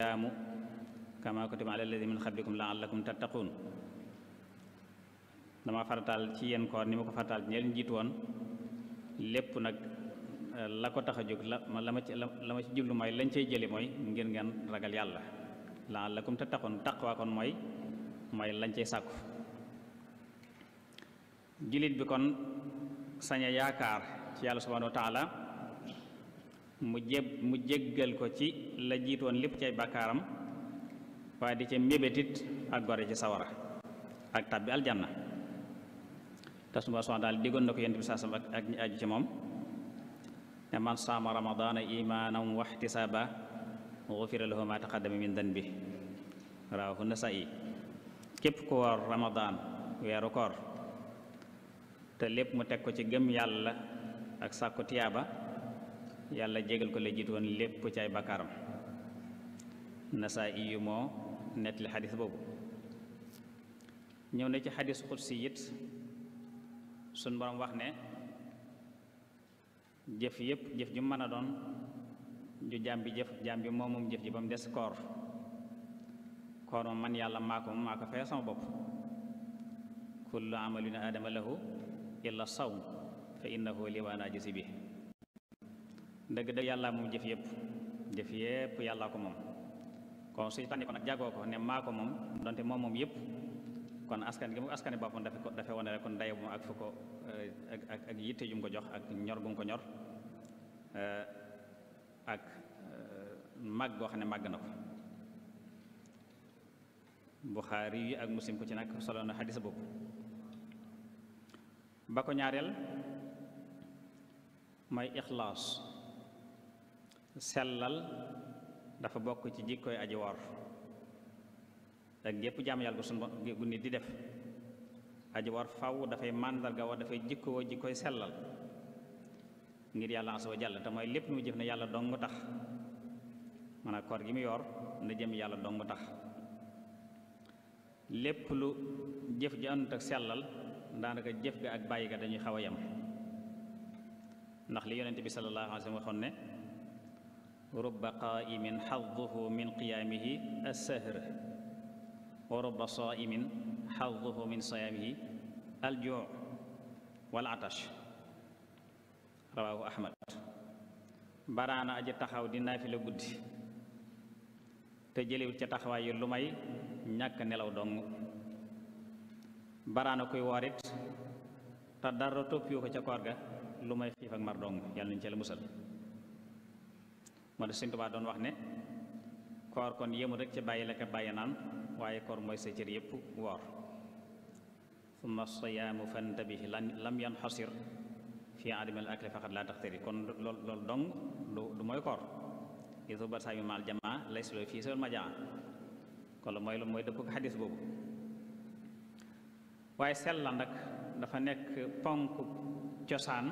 jaamu kama kutiba ala alladina min qablikum laallakum tattaquun dama farataal ci yéen koor ni ma ko farataal ñeel njiit woon lépp nag eh, la ko tax a jóg la la ma ci la ma ci jublu mooy lañ cay jële mooy ngir ngeen ragal yàlla laallakum tattaquun taqwa kon mooy mooy lañ cay sàkku jullit bi kon sañ a yaakaar ci yàlla subhanahu wa mu jeb mu jéggal ko ci la jiitoon lépp cay bàkkaaram waaye di ca mébétit ak gore ci sawara ak tàbbi aljanna te suma soxna daal diggoon na ko yent bi saasam ak ak ñi ci moom ne man saama ramadaana imaanan wa ihtisaaba gufira lahu ma taqaddama min danbi rawaahu nasaa'i képp ku woor weeru koor te lépp mu teg ko ci gëm yàlla ak sàkku tiyaaba yàlla jegal ko la jiitu woon lépp ci ay bakkaaram nasaa iyu moo nettali xadis boobu ñëw na ci xadis si it suñ borom wax ne jëf yépp jëf ju mën a doon ju jaam bi jëf jaam bi moom moom jëf ji ba mu des koor koor moom man yàlla maa ko maa ko fee sama bopp kullu amalin aadama lahu illa sawm fa innahu liwaana jisi bi dëgg-dëgg yàlla moom jëf yëpp jëf yëpp yàllaa ko moom kon suy tànni ko nag jàggoo ko ne maa ko moom donte moom moom yëpp kon askan gi mu askani boppam dafa ko dafa wane rek kon daye moom ak fu ko eh, ak ak ak ko jox ak ñor ko ñor eh, ak eh, goo xam ne màgg na ko buxaari ak muslim ku ci nag solo na xadis boobu ba ko ñaareel mooy ixlaas sellal dafa bokk ci jikkooy aji woor ak gépp jaam yàlla gu sun gu nit di def aji woor faw dafay màndarga woo dafay jikkoo jikkooy sellal ngir yàlla asa wa jàll te mooy lépp mu jëf ne yàlla dong tax man a koor gi mu yor na jëm yàlla dong tax lépp lu jëf ji àndut ak sellal daanaka jëf ga ak bàyyi dañuy xaw a yem ndax li yonent bi sallallahu waxoon ne rubba qaaimin xaduhu min qiyaamihi alsahr wa rubba saaimin xaduhu min siyaamihi aljuu wal atash rawaahu ahmad baraana aji taxaw di naafila guddi te jëliwut ca taxawaay yi lu may ñàkk nelaw dong baraana kuy woorit te dara toppiwu ko ca koor ga lu may xiif ak mar dong yàlla nañ ca la musal moo tax Sëñ doon wax ne koor kon yéemu rek ci bàyyi lekk bàyyi naan waaye koor mooy sa cër yépp woor summa siyaamu fantabihi lam yanxasir fii adamil akli faqat laa taxtari kon loolu dong du mooy koor isu ba saa yu maal jamaa lay siloo fii sol ma jamaa kon la mooy lu mooy dëpp ko xadis boobu waaye sellal nag dafa nekk ponk cosaan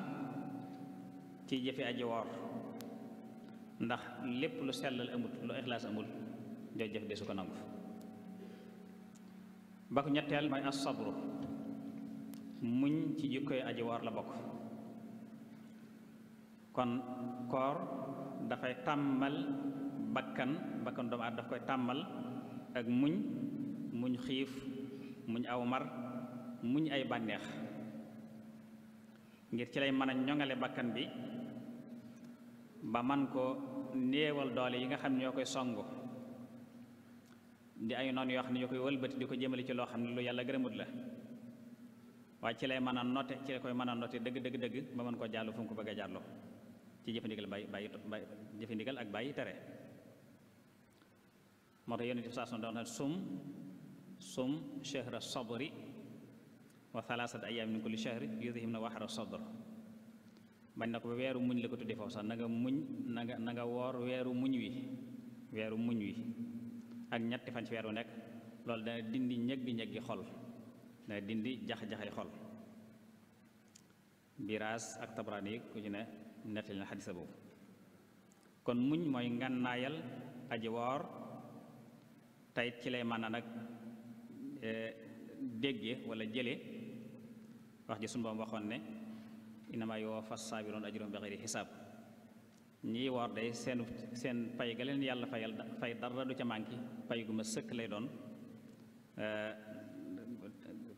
ci jëfe aji woor ndax lépp lu sellal amut lu ixlaas amul jooju jëf de su ko nangu ba ko ñetteel mooy as sabru muñ ci jikkoy aji woor la bokk kon koor dafay tàmmal bakkan bakkan doomu aadama daf koy tàmbal ak muñ muñ xiif muñ aw mar muñ ay bànneex ngir ci lay mën a ñoŋale bakkan bi ba man ko néewal doole yi nga xam ñoo koy songu di ay noon yoo xam ne ñoo koy wëlbati di ko jëmale ci loo xam ne lu yàlla gërëmut la waaye ci lay man a note ci la koy mën a note dëgg dëgg dëgg ba mën ko jàll fu ko bëgg a jàlloo ci jëfandigal bàyyi bàyyi jëfandigal ak bàyyi tere moo tax yonent bi saa doon na sum sum shahra sabri wa thalaasat ayaamin yi kulli shahri yudhhibna wahra sadr bañ na ko ba weeru muñ la ko tuddee foofu sax na nga muñ nanga nanga woor weeru muñ wi weeru muñ wi ak ñetti fan ci weeru nekk loolu dana dindi ñëggi-ñëggi xol dana dindi jax-jaxay xol biraas ak tabaraan yi ku ci ne nettali na xadisa boobu kon muñ mooy ngànnaayal aji woor tayit ci lay mën a nag eh, dégge wala jële wax ji sunu Boroom waxoon ne innamaa yuwaffas saabiruuna ajrahum bi xayri xisaab ñii woor day seenu seen pay ga leen yàlla fayal fay dara du ca manki pay gu ma sëkk lay doon eh,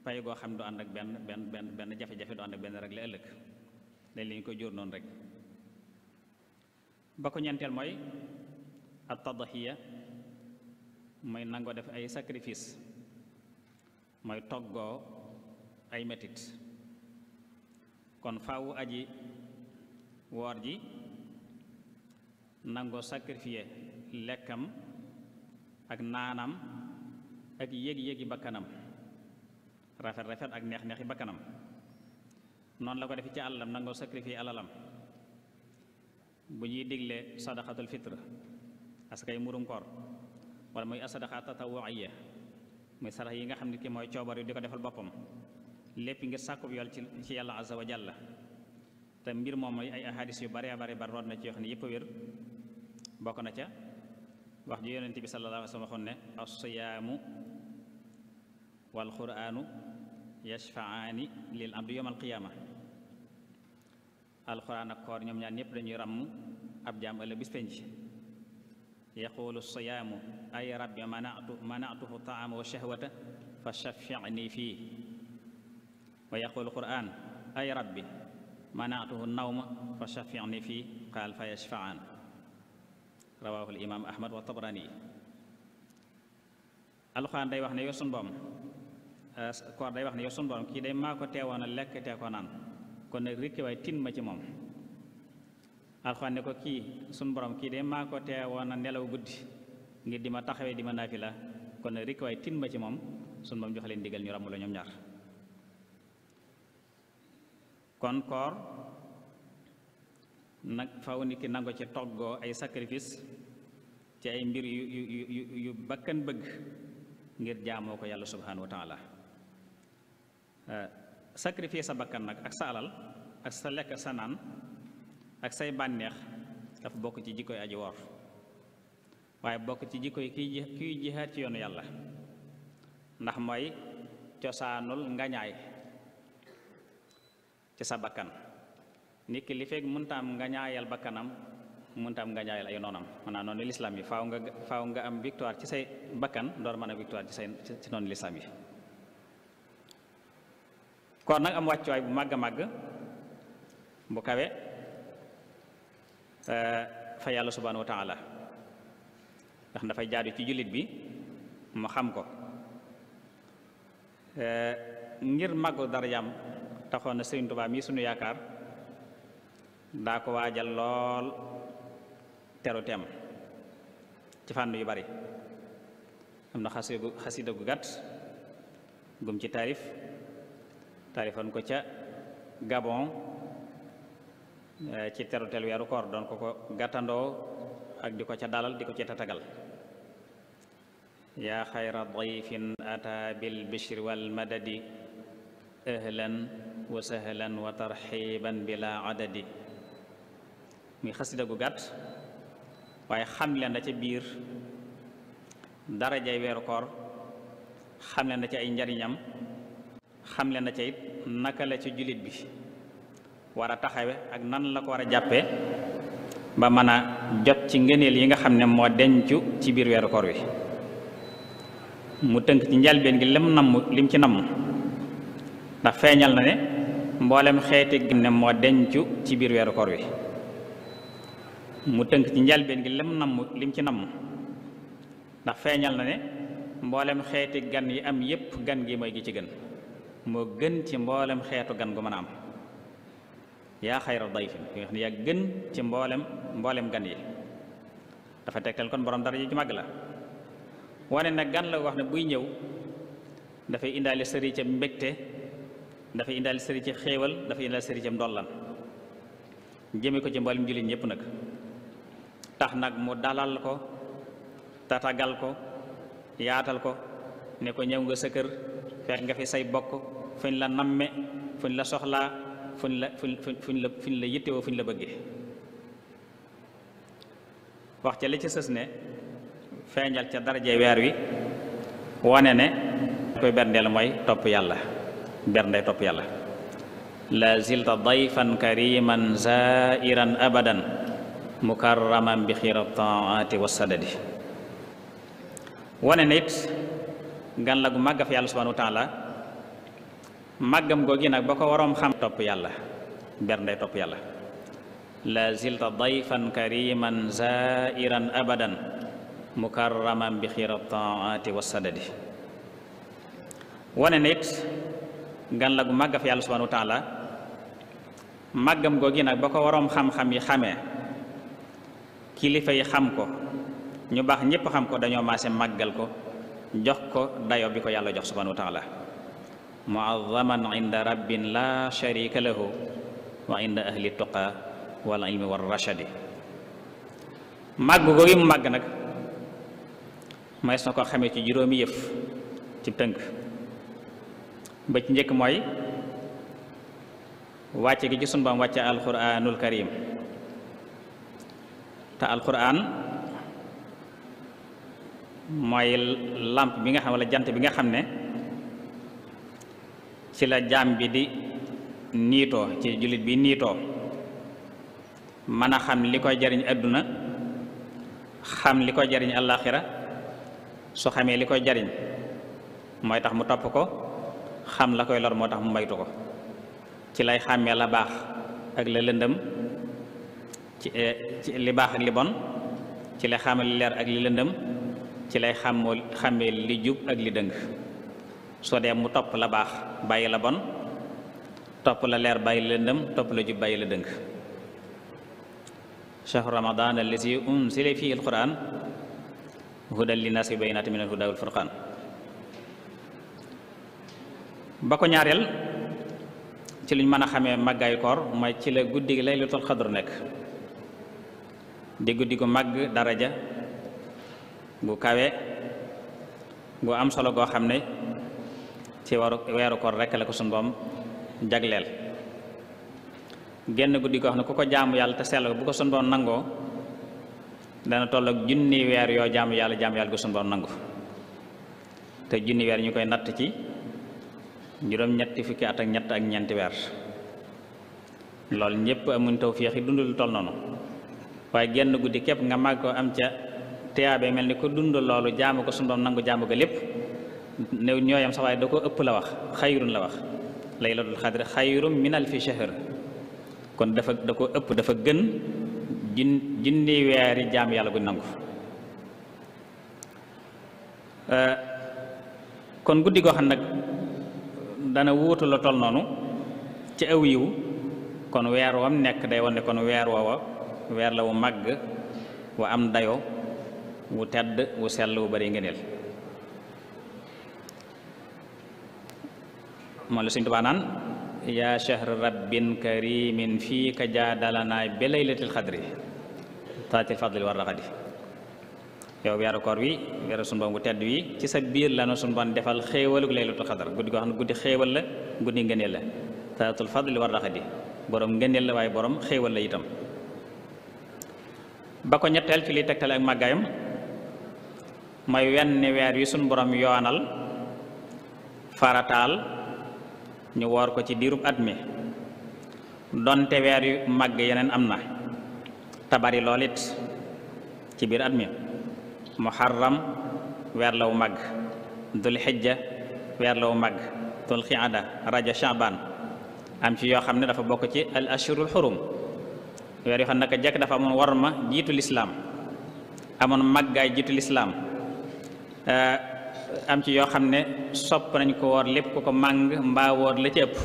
pay goo xam du ànd ak benn benn benn benn jafe-jafe du ànd ak benn rek la ëllëg lañu ko jóor noonu rek ba ko ñeenteel mooy at tadhiya mooy nangoo def ay sacrifice mooy toggoo ay metit kon faawu aji woor ji nangoo sacrifier lekkam ak naanam ak yéeg-yéegi bakkanam rafet rafet ak neex-neexi bakkanam noonu la ko def ci àllam nangoo sacrifier alalam bu ñuy digle sadaqatul fitre askay murum koor wala muy asadaqa tatawuiya muy sarax yi nga xam ne ki mooy coobar yi di ko defal boppam lépp ngir sàkkub yool ci yàlla azza wa jalla te mbir moom ay ahadis yu bare bare bare root na ci yoo xam ne yëpp wér bokk na ca wax ji yonent bi sallallahu alayhi wa sallam waxoon ne as-siyaamu wal quraanu yashfa'aani lil abdi yawmal qiyaama ak koor ñoom ñaar ñëpp dañuy ràmm ab jaam ëllëg bis penc yaqulu siyaamu ay rabbi mana'tu mana'tuhu ta'ama wa shahwata fa shaffi'ni fii wa yaqulu qur'an ay rabbi manaatuhu ma fa shafi'ni fi qaal fa yashfa'an rawahu limaam ahmad wa tabrani alxuraan day wax ne yow sun boom eh, day wax ne yow sun boom kii day maa ko teewoon a kon nag rikki waay ma ci moom alxuraan ne ko kii sun borom kii de maa ko teewoon a nelaw guddi ngir di ma taxawee di ma naafi la kon nag rikki tin ma ci moom sun boom jox leen ndigal ñu ràmm la ñoom ñaar kon koor nag faw nit ki nangu ci toggoo ay sacrifice ci ay mbir yu yu yu yu bakkan bëgg ngir jaamoo ko yàlla subhaanahu wa taala euh, sacrifice sa bakkan nag ak sa alal ak sa lekk sa naan ak say bànneex dafa bokk ci jikko aji woor waaye bokk ci jikkoy kiy kiy jihaat ci yoonu yàlla ndax mooy cosaanul ngañaay ci sa bakkan nit ki li fekk mëntaam nga ñaayal bakkanam mëntaam nga ñaayal ay noonam maanaam noonu lislaam yi faaw nga faaw nga am victoire ci say bakkan door mën a victoire ci say ci noonu lislaam yi kon nag am wàccuwaay bu màgg a màgg bu kawe eh, fa yàlla subhanahu wa taala ndax dafay jaadu ci jullit bi mu xam ko eh, ngir màggu darajaam taxoon na Sëriñ Tuubaa mii sunu yaakaar daa ko waajal lool teru teem ci fànn yu bari am na xasigu xasida gu gàtt gum ci taarif taarifoon ko ca Gabon eh, ci terutel weeru koor doon ko ko gàttandoo ak di ko ca dalal di ko ca tatagal yaa xayra dayfin ata madadi ahlan wa sahlan wa tarxiban bila adadi muy xasida gu gàtt waaye xam leen da ca biir darajay weeru koor xamle na da ca ay njariñam xam na da ca it naka la ci jullit bi war a taxawe ak nan la ko war a jàppee ba mën a jot ci ngëneel yi nga xam ne moo dencu ci biir weeru koor wi mu tënk ci njalbeen gi lim namm lim ci namm ndax feeñal na ne mboolem xeeti ne moo dencu ci biir weeru koor wi mu tënk ci njalbeen gi lim namm lim ci namm ndax feeñal na ne mboolem xeeti gan yi am yépp gan gi mooy gi ci gën moo gën ci mboolem xeetu gan gu mën a am yaa xayra dayfin ki yaa gën ci mboolem mboolem gan yi dafa tegtal kon borom dara yi ci màgg la wane nag gan la wax ne buy ñëw dafay indaale sëri ca mbégte dafa indaal sëri ci xéewal dafa indaal sëri ci ndollan jëme ko ci mbalim jullit ñëpp nag tax nag mu dalal ko tatagal ko yaatal ko ne ko ñëw nga sa kër fekk nga fi say bokk fuñ la namme fuñ la soxlaa fuñ la fuñ fuñ la fuñ la yittewoo la bëggee wax ca li ci sës ne feeñal ca daraje weer wi wane ne koy berndeel mooy topp yàlla bernde topp yàlla la zilta dayfan kariman zairan abadan mukarraman bi xiira taati wa sadadi wane nit gan la gu màgg fa yàlla subhanahu wa taala màggam googi nag ba ko xam topp yàlla bernde topp yàlla la zilta dayfan kariman zairan abadan mukarraman bi xiira taati wa sadadi wane nit gan la gu màgg fa yàlla subhanahu wa màggam googi nag ba ko waroom xam-xam yi xamee kilifa yi xam ko ñu baax ñëpp xam ko dañoo maase màggal ko jox ko dayo bi ko yàlla jox subhanahu wa taala muazzaman inda rabbin sharika lahu wa inda ahli tuqa wal ilmi war rashadi màgg googi mu màgg nag may su ko xamee ci juróomi yëf ci tënk ba njëkk mooy wàcce gi ci sunu Boroom wàcce alquranul karim te alquran mooy làmp bi nga xam walla jant bi nga xam ne ci la jaam bi di niitoo ci jullit bi niitoo mën a xam li koy jariñ àdduna xam li koy jariñ àllaaxira su xamee li koy jariñ mooy tax mu topp ko xam la koy lor moo tax mu moytu ko ci lay xàmmee la baax ak la lëndëm eh, ci li baax ak li bon ci lay xàmmee li leer ak li lëndëm ci lay xàmmoo xàmmee li jub ak li dëng soo dee mu topp la baax bàyyi la bon topp la leer bàyyi la lëndëm topp la jub bàyyi la dëng shahru ramadan allazi unzila fihi alquran hudan linnaasi bayyinatin minal hudaa wal furqaan ba ko ñaareel ci liñ mën a xamee màggaayu koor mooy ci la guddi lay gi laylatul xadr nekk di guddi gu màgg dara ja gu kawe gu am solo goo xam ne ci waru weeru koor rekk la ko suñu jagleel genn guddi goo xam ne ku ko jaamu yàlla te sell bu ko suñu nangoo dana toll ak junni weer yoo jaamu yàlla jaamu yàlla gu suñu boom nangu te junni weer ñu koy natt ci juróom ñetti fukki at ak ñett ak ñeenti weer loolu ñëpp amuñ tawféex yi dundul toll noonu waaye genn guddi képp nga mag ko am ca tiyaabe mel ni ko dund loolu jaamu ko sundoom nangu jaamu ko lépp new ñooyam sax waaye da ko ëpp la wax xayrun la wax laylatul xadri xayrun min alfi shahr kon dafa da ko ëpp dafa gën jun junni weeri yàlla guñ nangu euh, kon guddi goo xam nag dana wuutu la tol noonu ci aw yiw kon weer wam nekk day wone kon weer woowa weer la wu màgg wu am dayo wu tedd wu sell wu bari ngëneel moo la Sëñ Tuubaa naan yaa shahra rabbin karimin fii ka jaadalanaa bi laylatil xadri taatil fadlil war raxadi yow weeru koor wi weeru sunu borom bu tedd wi ci sa biir lanu sunu borom defal xéewaluk laylatul xadar guddi goo xam ne guddi xéewal la guddi ngëneel la talatul fadli war raxadi borom ngëneel la waaye borom xéewal la itam ba ko ñetteel ci liy tegtale ak màggaayam mooy wenn weer wi sunu borom yoonal farataal ñu woor ko ci diirub at mi donte weer yu màgg yeneen am na tabari lool it ci biir at mi muharram weer la wu màgg dul xijja weer la wu màgg dul xiada raja chaban am ci yoo xam ne dafa bokk ci al ashurul xurum weer yoo xam naka jekk dafa amoon war ma jiitu lislaam amoon màggaay am ci yoo xam ne sopp nañ ko woor lépp ku ko màng mbaa woor la ci ëpp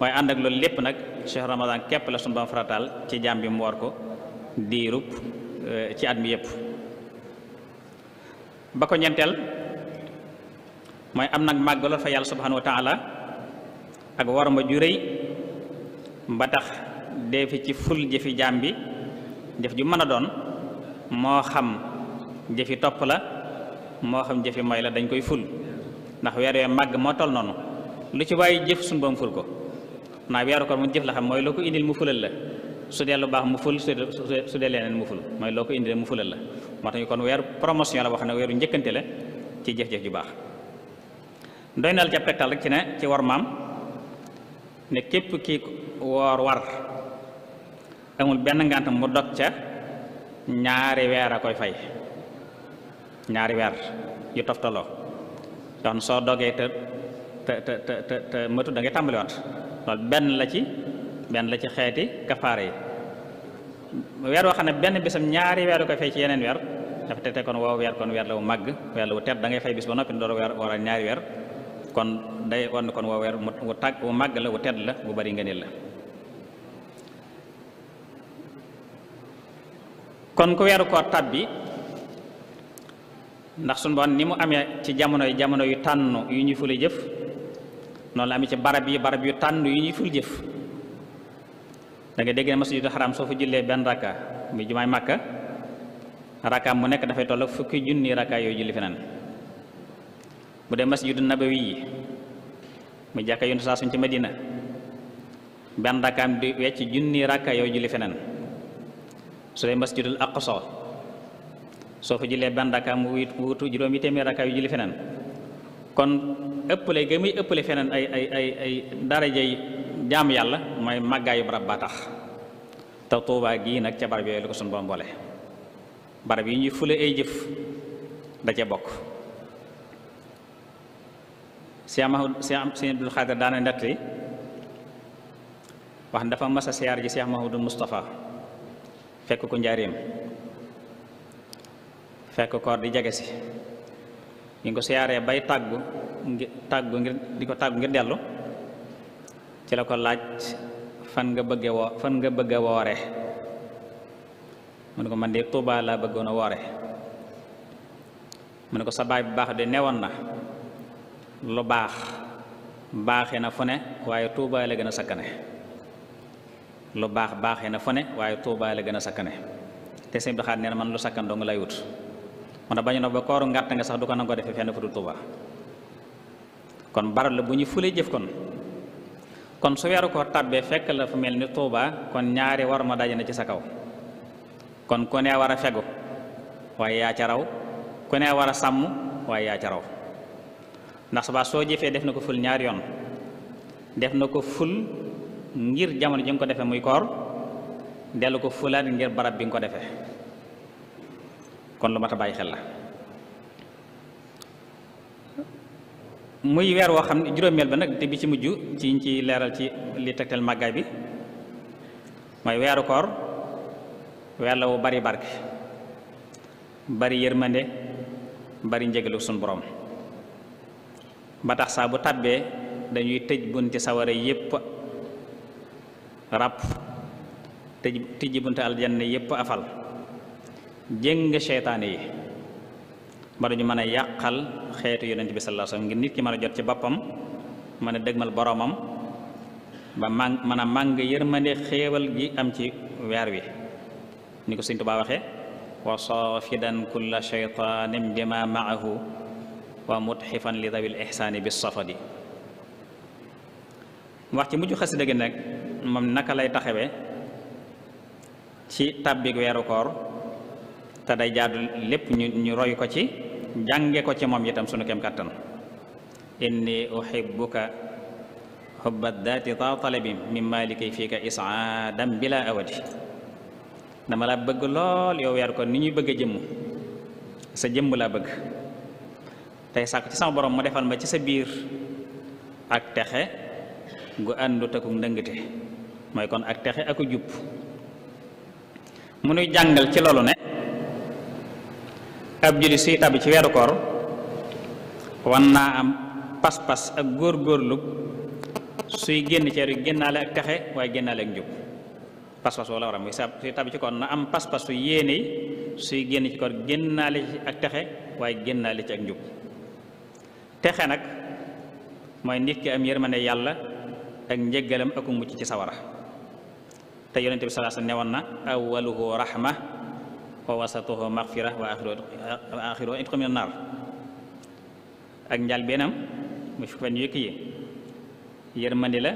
waaye ànd ak loolu lépp nag cheikh ramadan képp la sunu farataal ci jaam bi mu woor ko diirub ci at mi yëpp ba ko ñenteel mooy am nag màggalal fa yàlla subhanahu wa taala ak warma ju rëy ba tax dee fi ci ful jëfi jaam bi jëf ju mën a doon moo xam jëfi topp la moo xam jëfi mooy la dañ koy ful ndax weer yooyu màgg moo toll noonu lu ci waaye jëf suñu bam ful ko naa weeru ko mu jëf la xam mooy loo ko indil mu fulal la su dee lu baax mu ful su dee leneen mu ful mooy loo ko indil mu fulal la moo tax ñu kon weeru promotion la wax ne weeru njëkkante la ci jëf-jëf ju baax doy na la ca tegtal rek ci ne ci war maam ne képp ki woor war amul benn ngantam mu dog ca ñaari weer a koy fay ñaari weer yu toftaloo yoon soo dogee te te te te te mëtu tàmbaliwaat loolu benn la ci benn la ci xeeti kafaare yi weer woo xam benn bisam ñaari weer koy fay ci yeneen weer dafa tete kon woo weer kon weer la wu màgg weer la wu tedd da ngay fay bis ba noppi door weer wala ñaari kon day war na kon woo weer wu màgg la wu tedd la bu bari ngëneel la kon ku weeru koor tàbbi ndax suñu bon ni mu amee ci jamono jamono yu tànn yu ñuy ful jëf noonu la amee ci barab yi barab yu tànn yu ñuy ful jëf da nga dégg ne masjidul xaraam soo fa jullee benn rakka muy jumaay màkka rakkaam mu nekk dafay toll fukki junni rakka yooyu julli feneen bu dee masjidu nabawi yi mu jàkka yontu saa suñ ci madina benn rakkaam di wecc junni rakka yooyu julli feneen soo fa jullee benn rakka mu wutu juróomi téeméer rakka yu julli feneen kon ëppale ga muy ëppale feneen ay ay ay darajay jaamu yàlla mooy màggaayu barab ba tax te tuubaa gii nag ca barab yooyu la ko suñu borom barab yi ñuy fule ay jëf da ca bokk si ama si Abdul Xaadir daana nettali wax dafa mas a fekk ko njaareem fekk koor di jege si ñu ngi ko siyaaree bay tàggu ngir tàggu ngir di ko tàggu ngir dellu ci la ko laaj fan nga bëgge woo fan nga bëgg a woore mu ne ko man de Tuuba laa bëggoon a woore mu ne ko sa baay bu baax de newoon na lu baax baaxee na fu ne waaye Tuuba la gën a sakkane lu baax baaxee na fu ne waaye Tuuba la gën a sakkane te sëñ bi xaar man lu sakkan dong lay wut mu ne bañu na ba kooru ngàtt nga sax du ko nangoo defee fenn fu dul Tuuba kon baral la bu ñu fulee jëf kon kon su weeru ko tàbbee fekk la fu mel ni Tuuba kon ñaari war ma daje na ci sa kaw kon ku ne war a fegu waaye yaa ca raw ku ne war a sàmm waaye yaa ca raw ndax subaa soo jëfee def na ko ful ñaari yoon def na ko ful ngir jamono ji nga ko defee muy koor dellu ko fulaat ngir barab bi nga ko defee kon lu mat a bàyyi xel la muy weer woo xam ne juróomeel ba nag te bi ci mujj ci ci leeral ci li tegtal màggaay bi mooy weeru koor weer la wu bari barke bari yërmande bari njëgalu suñu borom ba tax saa bu tàbbee dañuy tëj bunti sawara yépp ràpp tëj tijji bunti aljanna yépp afal jëng seytaane yi ba ñu mën a yàqal xeetu yonent bi sallallahu ngir nit ki mën a jot ci boppam mën a dëgmal boroomam ba màng mën a màng yërmande xéewal gi am ci weer wi ni ko Sëñ Tuubaa waxe wa safidan kulla shaytanin bima ma'ahu wa muthifan li dawil ihsaani bis safadi wax ci mujj xasida gi nag moom naka lay taxawe ci tàbbik weeru koor te day jaadu lépp ñu roy ko ci jànge ko ci moom itam sunu kem kàttan inni uhibbuka hubba daati ta talabi min maliki fiika isaadan bila awadi dama laa bëgg lool yow weer ko ni ñuy bëgg a jëmm sa jëmm laa bëgg tey sàkk ci sama borom mu defal ma ci sa biir ak texe gu àndut ak ndëngte mooy kon ak texe ak jub mu nuy jàngal ci loolu ne ab jullit suy tàbbi ci weeru koor war naa am pas-pas ak góor-góorlu suy génn ceeru génnaale ak taxe waaye génnaale ak njub pas na am pas yéene suy génn ci koor génnaale ak taxe waaye génnaale li ak njub texe nag mooy nit ki am yërmande yàlla ak njëggalam ak mucc ci sawara te yonente bi sallallahu alayhi newoon na awwaluhu rahma fa wasatuhu maxfira wa axiru itqu min naar ak njaal bennam mu fukki fan yu yëkk yi yërmande la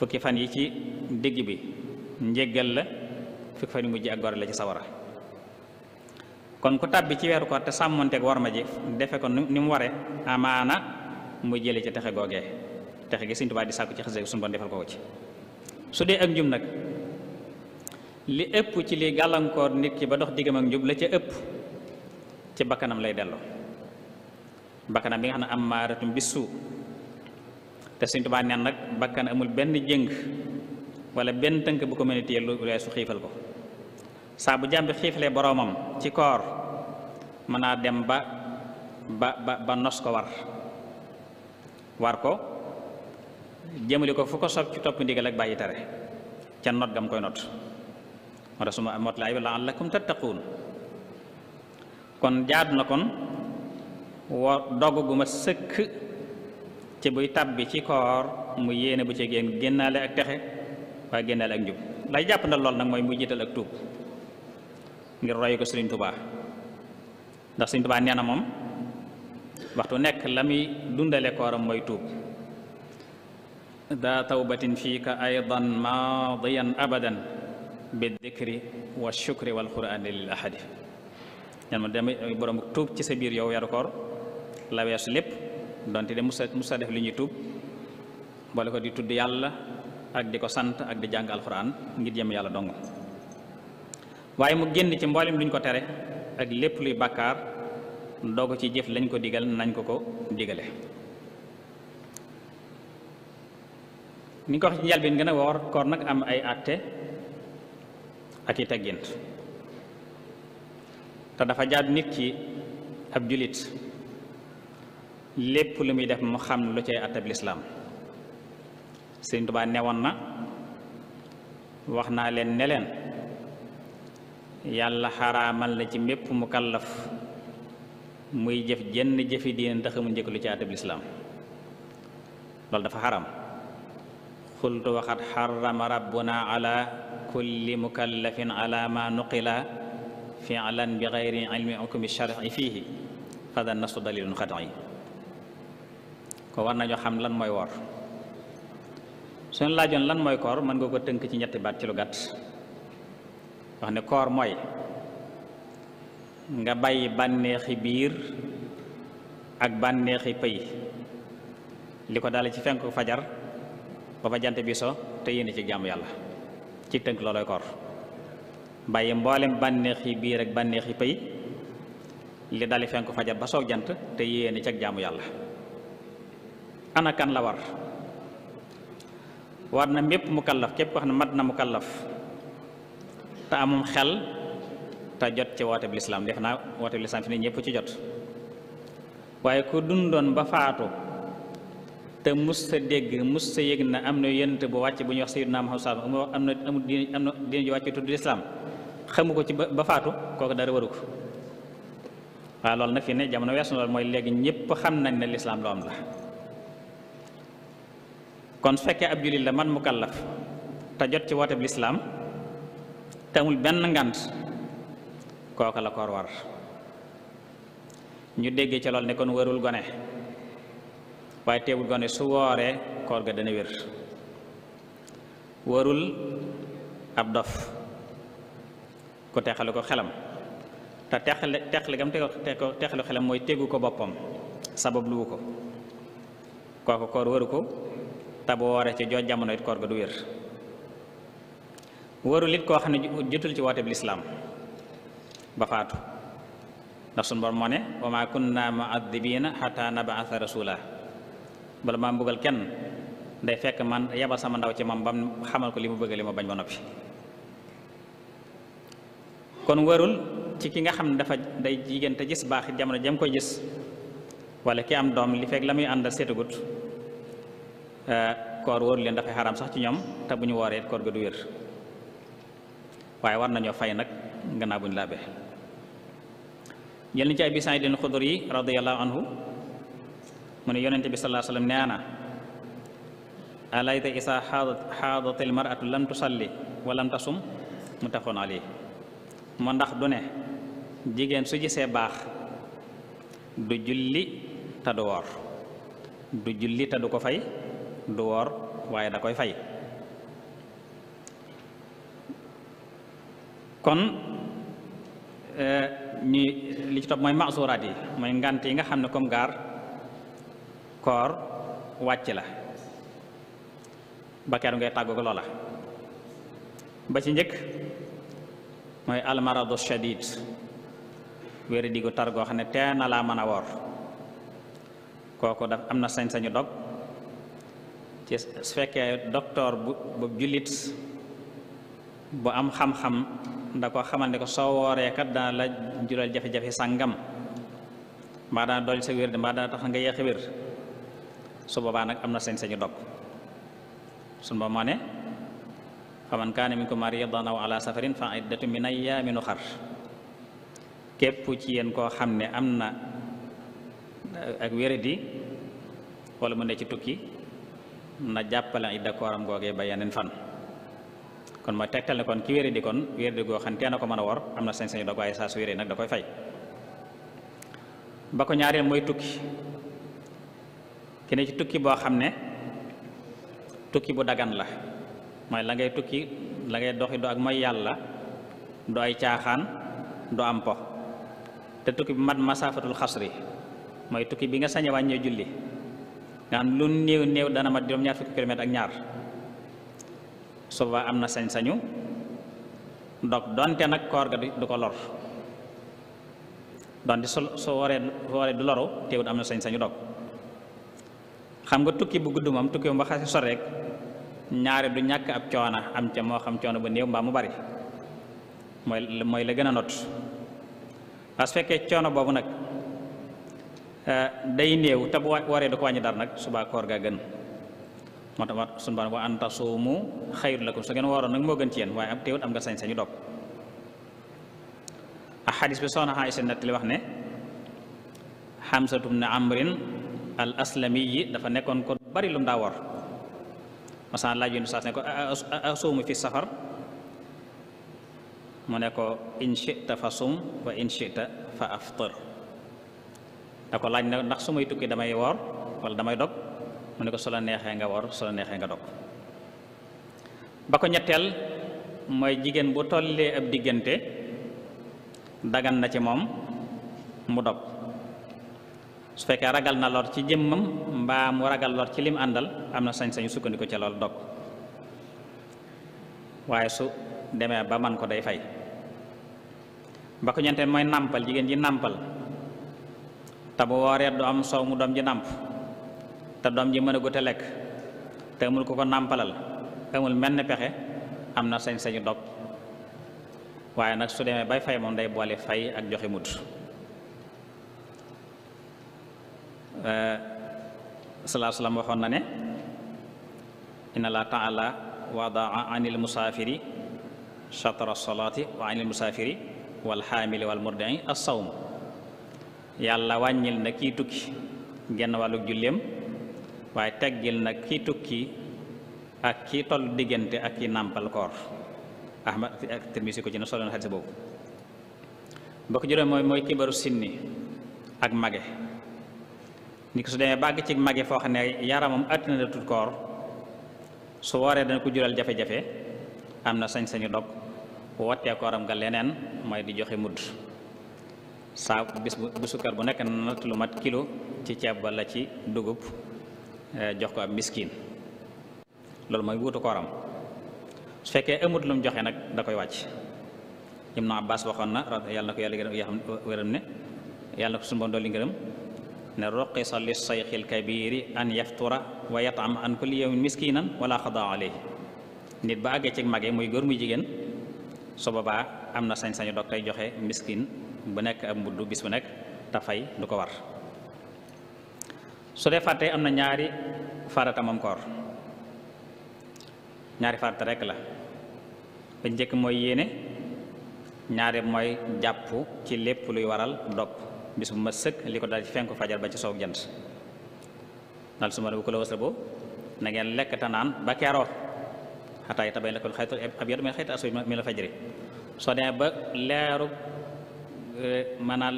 fukki fan yi ci digg bi njéggal la fukki fan yu mujj ak gore la ci sawara kon ku tàbbi ci weeru koor te sàmmonteeg war ma ji defe ko ni mu ware amaana mu jële ci texe googe texe gi Sëñ Tuubaa di sàkku ci xasee suñu bon defal ko ci su dee ak njum nag li ëpp ci li gàllankoor nit ki ba dox diggam ak njub la ca ëpp ci bakkanam lay delloo bakkanam bi nga xam ne am maaratum bi suu te Sëñ Tuubaa nag bakkan amul benn jëng wala benn tënk bu ko mën a téye lu weesu xiifal ko saa bu jàmbi xiifalee boroomam ci koor mën naa dem ba ba ba nos ko war war ko jëmale ko fu ko sob ci topp ndigal ak bàyyi tare ca not gam koy not moo tax su ma mot la ay laallakum kon jaadu na kon wo dogg gu ma sëkk ci buy tàbbi ci koor mu yéene bu ci génn génnaale ak texe waaye génnaale ak njub lay jàpp na lool nag mooy mu jiital ak tuub ngir royu ko Sëriñ Tubaa ndax Sëriñ Tubaa nee moom waxtu nekk la muy dundale kooram mooy tuub daa tawbatin fii ka aydan maadiyan abadan bi dikri wa shukri wal quraani lil ahadi ñaan ma dem eh, borom tuub ci sa biir yow weeru koor la lépp donte de musa musa def lu ñuy tuub boole ko di tudd yàlla ak di ko sant ak di jàng alxuraan ngir jëm yàlla dong waaye mu génn ci mboolem luñ ko tere ak lépp luy bàkkaar doo ko ci jëf lañ ko digal nañ ko ko digale ni ko wax ci njëlbeen gën a woor koor nag am ay àtte ak i teggint te dafa jaadu nit ki ab julit lépp lu muy def mu xam lu cay attab lislaam Sëriñ Tuubaa newoon na wax naa leen ne leen yàlla xaraamal na ci mépp mu kallaf muy jëf jenn jëfi diine ndax mu njëkk lu ci attab lislaam loolu dafa xaram xultu waxat xarama rabbuna ala kulli mukallafin ala ma nuqila filan bi gayri ilmi hukmi sharci fiihi fada nasu dalilun xatci ko war nañoo xam lan mooy woor suñu laajoon lan mooy koor mën nga ko tënk ci ñetti baat ci lu gàtt wax ne koor mooy nga bàyyi bànneexi biir ak bànneexi pëy li ko daale ci fenk fajar ba ba jant bi so te yéene ci jàmm yàlla ci tënk loolooy koor bàyyi mboolem bànneex yi biir ak bànneex yi pay li dali fenk fajar ba soog jant te yéene cag jaamu yàlla ana kan war na mépp mu kallaf képp ko xam ne mat na mu kallaf te amum xel te jot ci woote bi lislaam def naa woote bi lislaam fi ne ñëpp ci jot waaye ku dundoon ba faatu te musta dégg mus musta yëg na am na yent bu wàcc bu ñuy wax sayyidina Muhammad sallallahu alayhi wasallam am na amul diine am na diine ju wàcc tudd lislaam xamu ko ci ba faatu kooku dara waru ko waaw loolu nag fi ne jamono weesu na loolu mooy léegi ñëpp xam nañ ne lislaam lu am la kon su ab jullit la man mu mukallaf te jot ci woote bi lislaam te benn ngant kooka la koor war ñu déggee ci loolu ne kon warul gone waaye teewul gone su wooree koor ga dana wér warul ab dof ku texale ko xelam te texale texale gam texale ko xelam mooy tegu ko boppam sabab luwu ko kooku koor waru ko te bu ci jooj jamono it koor ga du wér warul it koo xam ne jotul ci woote bi lislaam ba faatu ndax su Boroom moo ne wa maa kunna mu'addibiina hattaa nab'atha rasuula bala maa mbugal kenn day fekk man yabal sama ndaw ci moom bam xamal ko li mu bëgg li mu bañ ba noppi kon warul ci ki nga xam ne dafa day jigéen te gis baax jamono jam koy gis wala ki am doom li fekk la muy àndal seetagut eh, koor wóoru leen dafay xaraam sax ci ñoom te bu ñu wooree koor ga du wér waaye war nañoo fay nag gannaaw bu ñu laabee jël ni ci abi saidin xudur yi radiyallahu anhu mu ne yonente bi salaa sallam nee na alayta isa xaadatil maratu lam tusalli wa lam tasum mu taxoon ali mu ndax du ne jigéen su jisee baax du julli te du woor du julli te du ko fay du woor waaye da koy fay kon eh, ñu li ci topp mooy maasuraat yi mooy ngant yi nga xam ne comme gaar koor wàcc la ba ngay tàggu loola ba ci njëkk mooy almaradu shadid wéri digu tar goo xam ne tee na laa mën a woor kooku daf am na sañ-sañu dog ci su fekkee docteur bu bu jullit bu am xam-xam da koo xamal ne ko soo wooree dana la jural jafe-jafe sàngam mbaa dana dolli sa wér di mbaa dana tax nga yéex a su boobaa nag am na sañ-sañu dog suñu ba moo ne fa man kaana minkum mariidan aw ala safarin fa iddatu min ayyaamin uxar képp ci yéen koo xam ne am na eh, ak wéradi wala mu ne ci tukki na jàppale idda kooram googee ba yeneen fan kon ma tegtal ne kon ki wéradi kon wéradi goo xam kenn ko mën a wor am na sañ-sañu dog waaye saa su wéree nag da koy fay ba ko ñaareel mooy tukki dina ci tukki boo xam ne tukki bu dagan la mooy la ngay tukki la ngay doxi du ak mooy yàlla du ay caaxaan du am po te tukki bi mat masaafatul xasri mooy tukki bi nga sañe wàññee julli nga xam lu néew néew dana mat juróom ñaar fukki kilomètre ak ñaar suba am na sañ-sañu dog donte nag koor ga du ko lor donte su su waree du loru teewut am na sañ-sañu dog xam nga tukki bu gudd moom tukki moom ba xasi sore rek ñaare du ñàkk ab coona am ca moo xam coono ba néew mbaa mu bari mooy mooy la gën a not parce que fekkee coono boobu nag euh, day néew te bu waree du ko wàññi dara nag subaa koor gaa gën moo tax sunu Boroom wa la ko xayrun lakum su ngeen wooroon nag moo gën ci yéen waaye am teewut am nga sañ-sañu dog ak xadis bi soxna Aysa nettali wax ne Xamsatu bnu Amrin al aslami yi dafa nekkoon ko bari lu daa war masaan laaj yonent saas ne ko asuumu fi safar mu ne ko in shi'ta fa sum wa in fa aftir da ko laaj ne ndax su may tukki damay woor walla damay dog mu ne ko su la neexee nga woor su la neexee nga dog ba ko ñetteel mooy jigéen bu tollee ab diggante dagan na ci moom mu dog su fekkee ragal na lor ci jëmmam mbaa mu ragal lor ci lim àndal am na sañ-sañu sukkandiku ca loolu dog waaye su demee ba man ko day fay ba ko ñeenteel mooy nàmpal jigéen ji nàmpal te bu wooree du am soow mu doom ji nàmp te doom ji mën a gute lekk te amul ko ko nàmpalal amul menn pexe am na sañ-sañu dog waaye nag su demee bay fay moom day boole fay ak joxe mut Eh, salaa salaam waxoon na ne inna la taala wadaa anil musaafiri chatra salaati wa anil musaafiri wal xaamili wal murdai assawm yàlla wàññil na kii tukki genn wàllug julleem waaye teggil na kii tukki ak kii toll diggante ak kii nàmpal koor ahmad ak Tirmisi ko ci na solo na xadis boobu mbokk juróom mooy mooy kibaru sinni ak mage ni ko su demee bàgg ci mage foo xam ne yaramam àttina na tut koor su waree dana ko jural jafe-jafe am na sañ-sañu dog wattee kooram nga leneen mooy di joxe mudd saa bis bu sukkar bu nekk na natt lu mat kilo ci ceeb walla ci dugub eh, jox ko ab miskin loolu mooy wuutu kooram su fekkee amut lu mu joxe nag da koy wàcc Ibnu Abbas waxoon na yàlla na ko yàlla gërëm yoo xam wéram ne yàlla na ko suñu bon dool li ngërëm ne ruqisa li sayxil kabiri an yaftura wa yatam an kulli yawmin miskinan wala xadaa alayhi nit ba àggee ci mage muy góor muy jigéen su boobaa am na sañ-sañu dog tey joxe miskin bu nekk ab mbudd bis bu nekk te du ko war su dee fàttee am na ñaari farata moom koor ñaari farata rekk la ba njëkk mooy yéene ñaari mooy jàpp ci lépp luy waral dopp bis bu ma sëkk li ko daal ci fajar ba ci soog jant daal su ma ne bu ko la wasra bo na ngeen lekk te naan ba keroog xataa itam bay lekkul xaytu ab yadu min xaytu aswad min al-fajri soo demee ba leerug eh, maanaam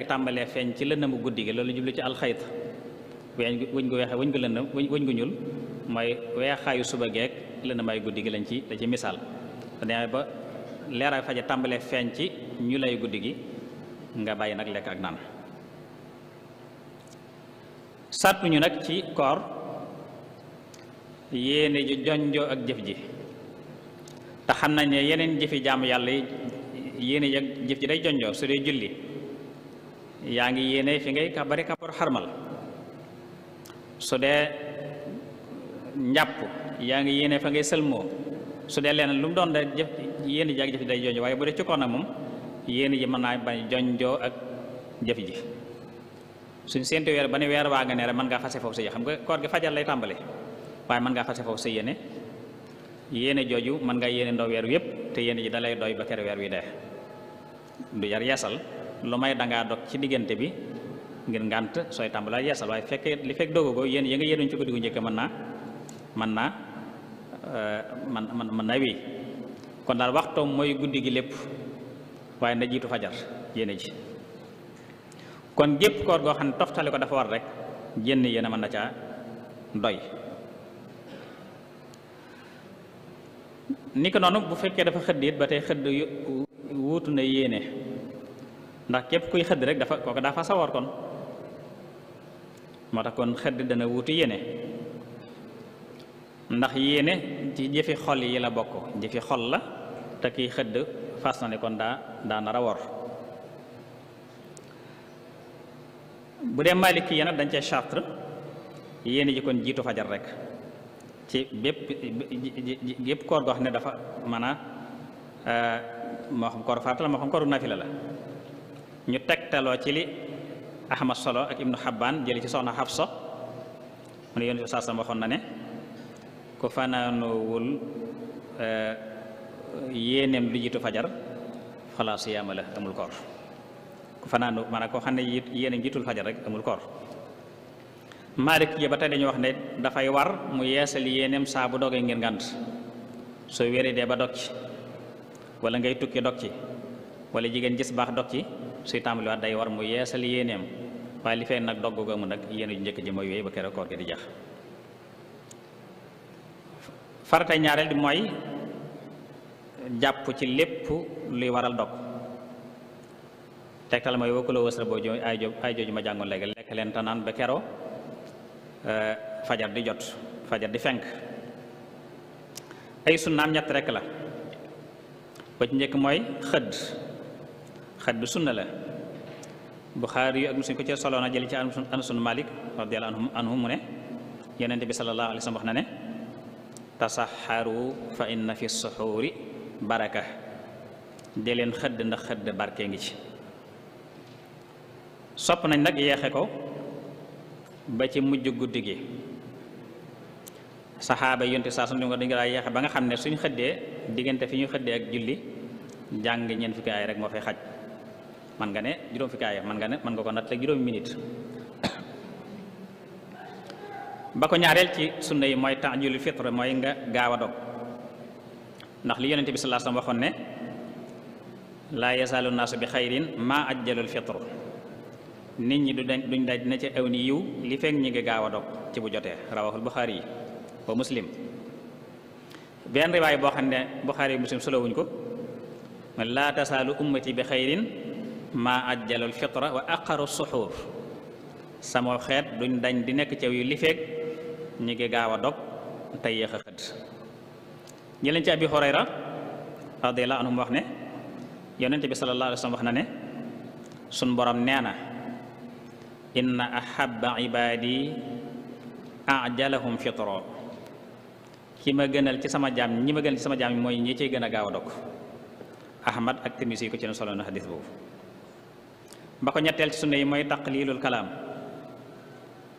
gi tàmbalee feeñ ci lëndëmu guddi gi loolu jublu ci alxayt weñ wuñ gu weexe wuñ gu lëndëm wuñ gu ñuul mooy weexaayu suba geeg lëndëmaayu guddi gi lañ ci la ci misaal soo demee ba leeraayu fajar tàmbalee feeñ ci ñuulaayu guddi gi nga bàyyi nag lekk ak naan sàttuñu nag ci koor yéene ju jonjoo ak jëf ji te xam nañ ne yeneen jëfi jàmm yàlla yi yéene ji ak jëf ji day jonjoo su dee julli yaa ngi yéene fi ngay ka bari kabar xarmal su dee njàpp yaa ngi yéene fa ngay sëlmoo su dee leneen lu mu doon de jëf yéene ji ak jëf ji day jonjoo waaye bu dee ci koor nag moom yéen ji mën naa bañ jonjoo ak jëf ji suñ séentu weer ba ne weer waa nga nee rek mën ngaa fase foofu sa xam nga koor gi fajar lay tàmbale waaye mën ngaa fase foofu sa yéene yéene jooju mën nga yéene ndoo weer wi yëpp te yéene ji da lay doy ba kere weer wi dee lu jar yasal lu may dangaa dog ci diggante bi ngir ngant sooy tàmbala yasal waaye fekk li fekk dogogo yéen yi nga yéenuñ ci guddi gu njëkk mën naa man naa euh, man mën naa wéy kon daal waxtoom mooy guddi gi lépp waaye na jiitu fajar yéene ji kon gépp koor goo xam ne toftale ko dafa war rek jenn yéene man na caa doy ni ko noonu bu fekkee dafa xëdd it ba tey xëdd wuutu na yéene ndax képp kuy xëdd rek dafa kooku dafa sawar kon moo tax kon xëdd dana wuutu yéene ndax yéene ci jëfi xol yi la bokk jëfi xol la te kiy xëdd fas na ne kon daa daa nar a wor bu dee maliki yi nag dañ cee chartre yéene ji kon jiitu fajar rek ci bépp gépp koor goo ne dafa mën a eh, moo xam koor farata moo xam kooru nafila la ñu tegtaloo ci li ahmad solo ak ibnu xabbaan jëli ci soxna xafsa mu ne yónni sa saasam waxoon na ne ku fanaanoowul eh, yéeneem lu jiitu fajar falaa siyaama la amul koor ku fanaanu maanaam koo xam ne yéeneem jiitul fajar rek amul koor Maalik ji ba tey dañu wax ne dafay war mu yeesal yéeneem saa bu dogee ngir ngànt soo wéree dee ba dog ci wala ngay tukki dog ci wala jigéen jis baax dog ci suy tàmbaliwaat day war mu yeesal yéeneem waaye li fee nag dogg gu amul nag yéene ju njëkk ji mooy wéy ba keroog koor gi di jax farata ñaareel bi mooy jàpp ci lépp luy waral dog tegtal mooy wakkuloo wësra boo jo ay jooju ma jàngoon léegi lekk leen tanaan ba kero eh, fajar di jot fajar di fenk ay sunnaam ñett rekk la ba ci njëkk mooy xëdd xëdd bi sunna la Buxaari yu ak Muslim ko ci solo na jëli ci Anas bin Malik radiyallahu anhu mu ne Yonent bi sallallahu alayhi wa wax na ne tasaxaru fa inna fi suxuuri baraka dee leen xëdd ndax xëdd barke ngi ci sopp nañ nag yeexe ko ba ci mujj guddi gi saxaaba yonte saa su ko dañu yeexe ba nga xam ne suñ xëddee diggante fi ñu xëddee ak julli jàng ñeent fukki rek moo fay xaj man nga ne juróom fukki man nga ne mën nga ko natt la juróomi minute ba ko ñaareel ci sunna yi mooy ta'jilul fitr mooy nga gaaw a dog ndax li yonente bi sallallahu alayhi wasallam waxoon ne laa yasaalu naasu bi xayrin maa ajjalul fitr nit ñi du duñ daj na ci aw ni yiw li fekk ñi ngi gaaw dog ci bu jotee rawahul buxaari yi wa muslim benn riwaay boo xam ne buxaari yi muslim solowuñ ko man laa tasaalu ummati bi xayrin maa ajjalul fitra wa xeet duñ dañ di nekk ci aw yu li fekk ñi ngi gaaw a dog te yéex a xëdd jëleen ci abi Hurayra radiyallahu anhu wax ne yonente bi sallallahu alayhi wa sallam wax na ne sun borom nee na inna ahabba ibadi ajalahum fitra ki ma gënal ci sama jaam ñi ma gënal ci sama jaam yi mooy ñi cey gën a gaaw a dog ahmad ak Tirmisi ko ci ne solo na xadis boobu ba ko ñetteel ci sunna yi mooy taqlilul kalaam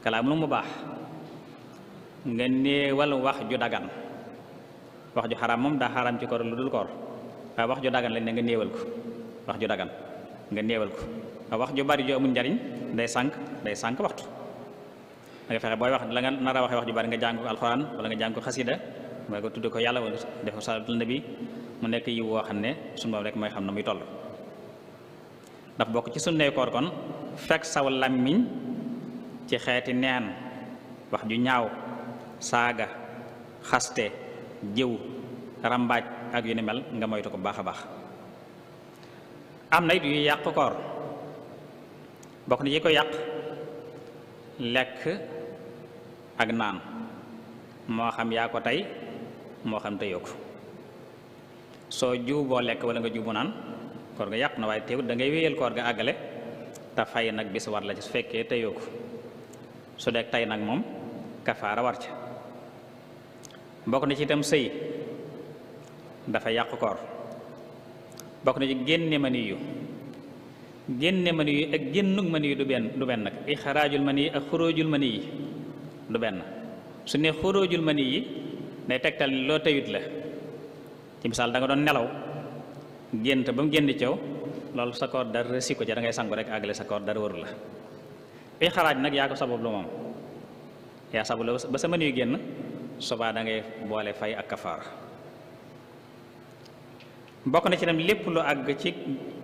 kalaam lu mu baax nga néewal wax ju dagan wax ju xaraam moom daa xaraam ci koor lu dul koor waaye wax ju dagan lañ ne nga néewal ko wax ju dagan nga néewal ko ju bari ju amul njariñ day sànq day sànq waxtu da fexe booy wax la nga nar ju bari nga jàng ko wala nga jàng ko xasida tudd ko yàlla wala def ko salatul mu nekk yiw woo xam ne sunu rek mooy xam na muy toll bokk ci sunnee koor kon fekk saw làmmiñ ci xeeti neen wax ju ñaaw saaga xaste jëw rambaaj ak yu ni mel nga moytu ko bu baax a baax am na it yu yàq koor bokk na yi ko yàq lekk ak naan moo xam yaa ko tey moo xam teyoo ko soo juuboo lekk wala nga juubu naan koor ga yàq na waaye teewut dangay ngay wéyal koor ga àggale te fay nag bis war la ci su fekkee teyoo ko su dee tey nag moom kafaara war ca bokk na ci itam sëy dafa yàq koor bokk na ci génne maniyu génne maniyu ak génnug maniyu du benn du benn nag ixraajul maniyi ak xuróojul maniyi du benn su ne xuróojul maniyi day tegtal ni loo tayut la ci misaal da doon nelaw gént ba mu génn caw loolu sa koor dara si ko ca da ngay sangu rek àggale sa koor dara waru la ixraaj nag yaa ko sabab lu moom yaa sabab lu ba sa maniyu génn subaa da ngay boole fay ak kafaar bokk na ci dem lépp lu àgg ci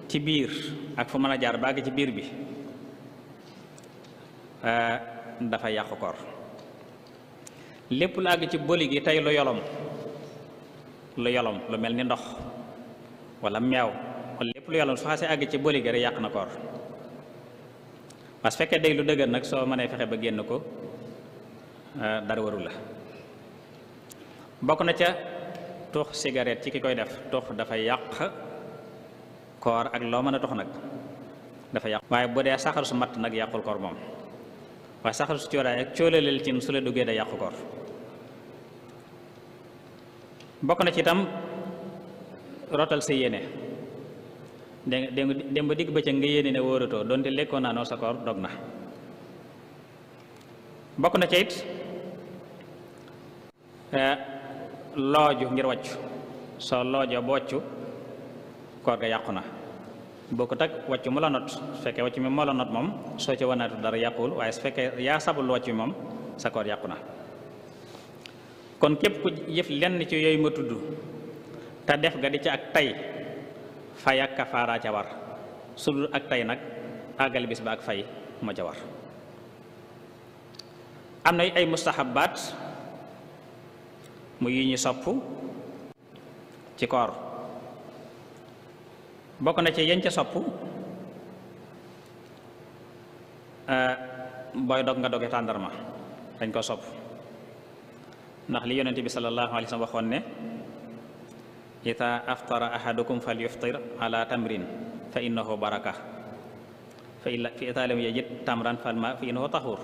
ci biir ak fu mën a jaar ba àgg ci biir bi euh, dafa yàqu koor lépp lu àgg ci boli gi tey lu yolom lu yolom lu mel ni ndox walla meew wala lépp lu yolom su xasee àgg ci boli gi yàq na koor parce que fekkee day lu dëgër nag soo mënee fexe ba génn ko euh, dara waru la bokk na ca tux cigarette ci ki koy def tux dafa yàq koor ak loo mën a tux nag dafa yàq waaye bu dee saxar su matt nag yàqul koor moom waaye saxar su cooraay ak cóolaleel cin su la duggee da yàqu koor bokk na ci itam rotal sa yéene dem ba digg bëccëg nga yéene ne wóoratoo donte lekkoon naanoo sa koor dog na bokk na ci it eh, looju ngir wàccu soo loojo ba wàccu koor ga yàqu na bokkut ak wàccu mu la not su fekkee wàccu mi moo la not moom soo ci wanaatu dara yàquwul waaye su fekkee yaa sabul wàccu mi moom sa koor yàqu na kon képp ku jëf lenn ci yooyu ma tudd te def nga di ci ak tey fa ak kafaara ca war su dul ak tey nag àggal bis ba ak fay moo ca war am na ay mustahabaat mu yi ñu sopp ci koor bokk na ci yéen ca sopp eh, booy dog nga doge tàndarma dañ ko sopp ndax li yonent bi sallallahu alayhi wa sallam waxoon ne ida aftara ahadukum fal yuftir ala tamrin fa innahu baraka fa ida lam yajid tamran fal fa innahu tahur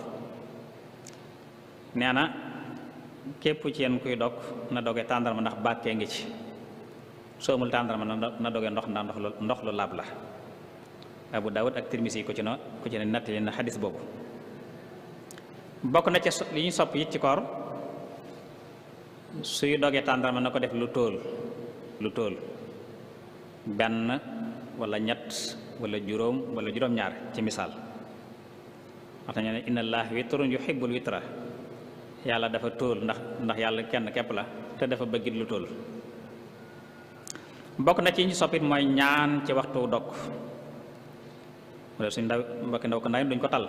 nee na képp ci yéen kuy dog na doge tàndarma ndax bàkkee ngi ci soomul tàndarma na doge ndox ndax ndox lu ndox lu laab la Abu Dawud ak Tirmisi ku ci na ku ci ne nettali na xadis boobu bokk na ca li ñu sopp it ci koor suy dogee tàndarma na ko def lu tóol lu tóol benn wala ñett wala juróom wala juróom-ñaar ci misaal wax nañu ne inna allaah witrun yuhibbul witra yàlla dafa tóol ndax ndax yàlla kenn képp la te dafa bëggit lu tóol bokk na ci ñu soppit mooy ñaan ci waxtu dokk wala suñ ndaw mbokki ndaw ko ndaw duñ ko tal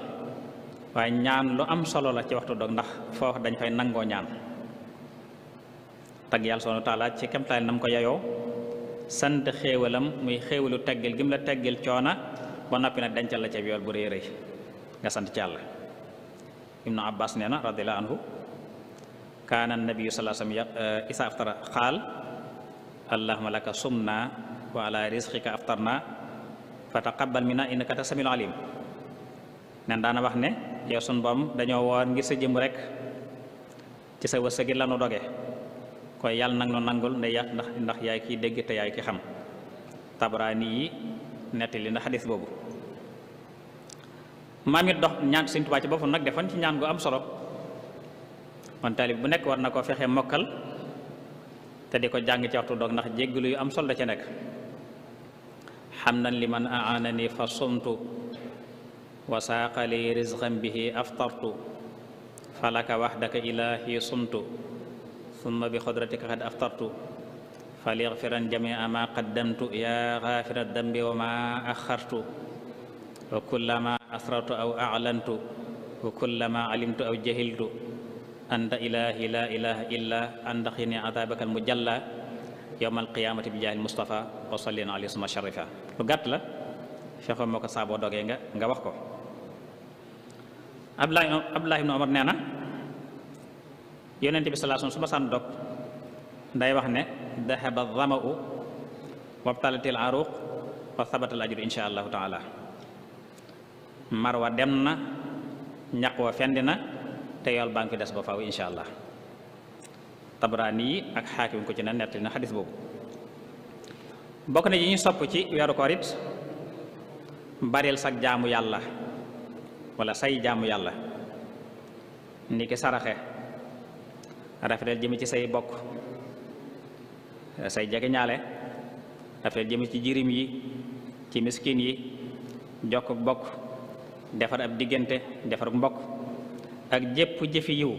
waaye ñaan lu am solo la ci waxtu dog ndax foofu dañ fay nangoo ñaan tagg yàlla soo wa taala ci kemtaal nam ko yeyoo sant xéewalam muy xéewalu teggil gi mu la teggil coona ba noppi nag dencal la ca yool bu rëy rey nga sant ci yàlla ibnu abbas nee na radiyallahu anhu kaana nabiyu salaa sallam eh, isa aftara xaal allahuma laka sumna wa ala risqika aftarna fa taqabbal minna innaka anta samiul alim nen daana wax ne yow sun dañoo woor ngir sa jëm rek ci sa wërsëg la nu doge koy yàlla nag nu nangul nda yàq ndax ndax yaay kiy dégg te yaay ki xam tabaraani yi nettali na xadis boobu maam dox ñaan Sëñ Tuubaa ci boppam nag defan ci ñaan gu am solo kon bu nekk war na koo fexe mokkal te ko jàng ci waxtu doog ndax jéggalu am solo da ca nekk xam nan li man aana ni fa sumtu wa saaqali rizqan bihi aftartu falaka waxdaka ilahi sumtu summa bi xudratika xad aftartu falixfiran jamia ma qaddamtu ya xaafira dambi wa ma axartu wa kullama asrartu aw aclantu wa kullama alimtu aw jahiltu anta ilahi la ilaha illa anta xini atabakal mu yowmal qiyamati bi jaahil mustafa wa sallina alayhi suma sharifa lu gàtt la fexe moo ko saaboo dogee nga nga wax ko abdulahi abdulahi ibnu omar nee na yonente bi salaa su ma sànn dog nday wax ne dahaba zama'u wabtalatil aruq wa sabatal ajru insha allahu taala marwa dem na ñaq wa fendi na te yool baa ngi fi des ba faw incha allah tabraani yi ak xaakim ko ci na nettali na xadis boobu bokk na yi ñu sopp ci weeru koor it baril sag jaamu yàlla walla say jaamu yàlla ni ki saraxe rafetal jëme ci say bokk say jege ñaale rafetal jëme ci jirim yi ci miskin yi jokk bokk defar ab diggante defar mbokk ak jépp jëfi yiw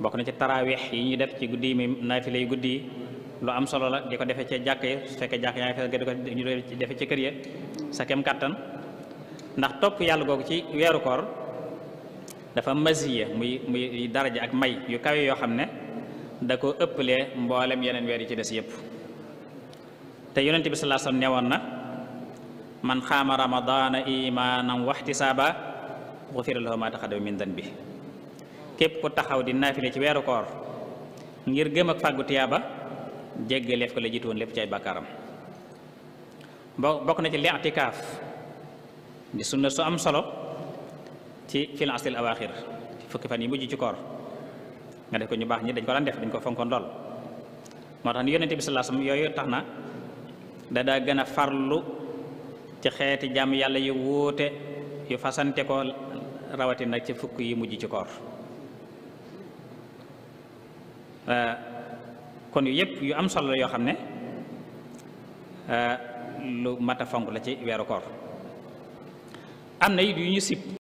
bokk na ci taraaweex yi ñuy def ci guddi yi naafile yu guddi yi lu am solo la di ko defee ci jàkk yi su fekkee jàkk yaa ngi fees nga di ko ñu ci kër ya sa kem kàttan ndax topp yàlla googu ci weeru koor dafa masiya muy muy daraja ak may yu kawe yoo xam ne da ko ëpple mboolem yeneen weer yi ci des yépp te yonente bi sallallahu alayhi wasallam neewoon na man xaama ramadaana imaanan waxtisaaba xufira lahu ma taqaddama min bi képp ku taxaw di naafile ci weeru koor ngir gëm ak fàggu tiyaaba jéggaleef ko la jiitu woon lépp cay ay bàkkaaram bokk na ci li i'tikaaf di sunna su am solo ci fil asril awaaxir fukki fan yi mujj ci koor nga def ko ñu baax ñi dañ ko daan def dañ ko fonkoon lool moo tax ni yonente bi sallallahu yooyu tax na da daa farlu ci xeeti jàmm yàlla yu wuute yu fasante ko rawati nag ci fukk yi mujj ci koor euh, kon yu yëpp yu am solo yoo xam ne euh, lu mat a fonk la ci weeru koor am na it yu ñu sib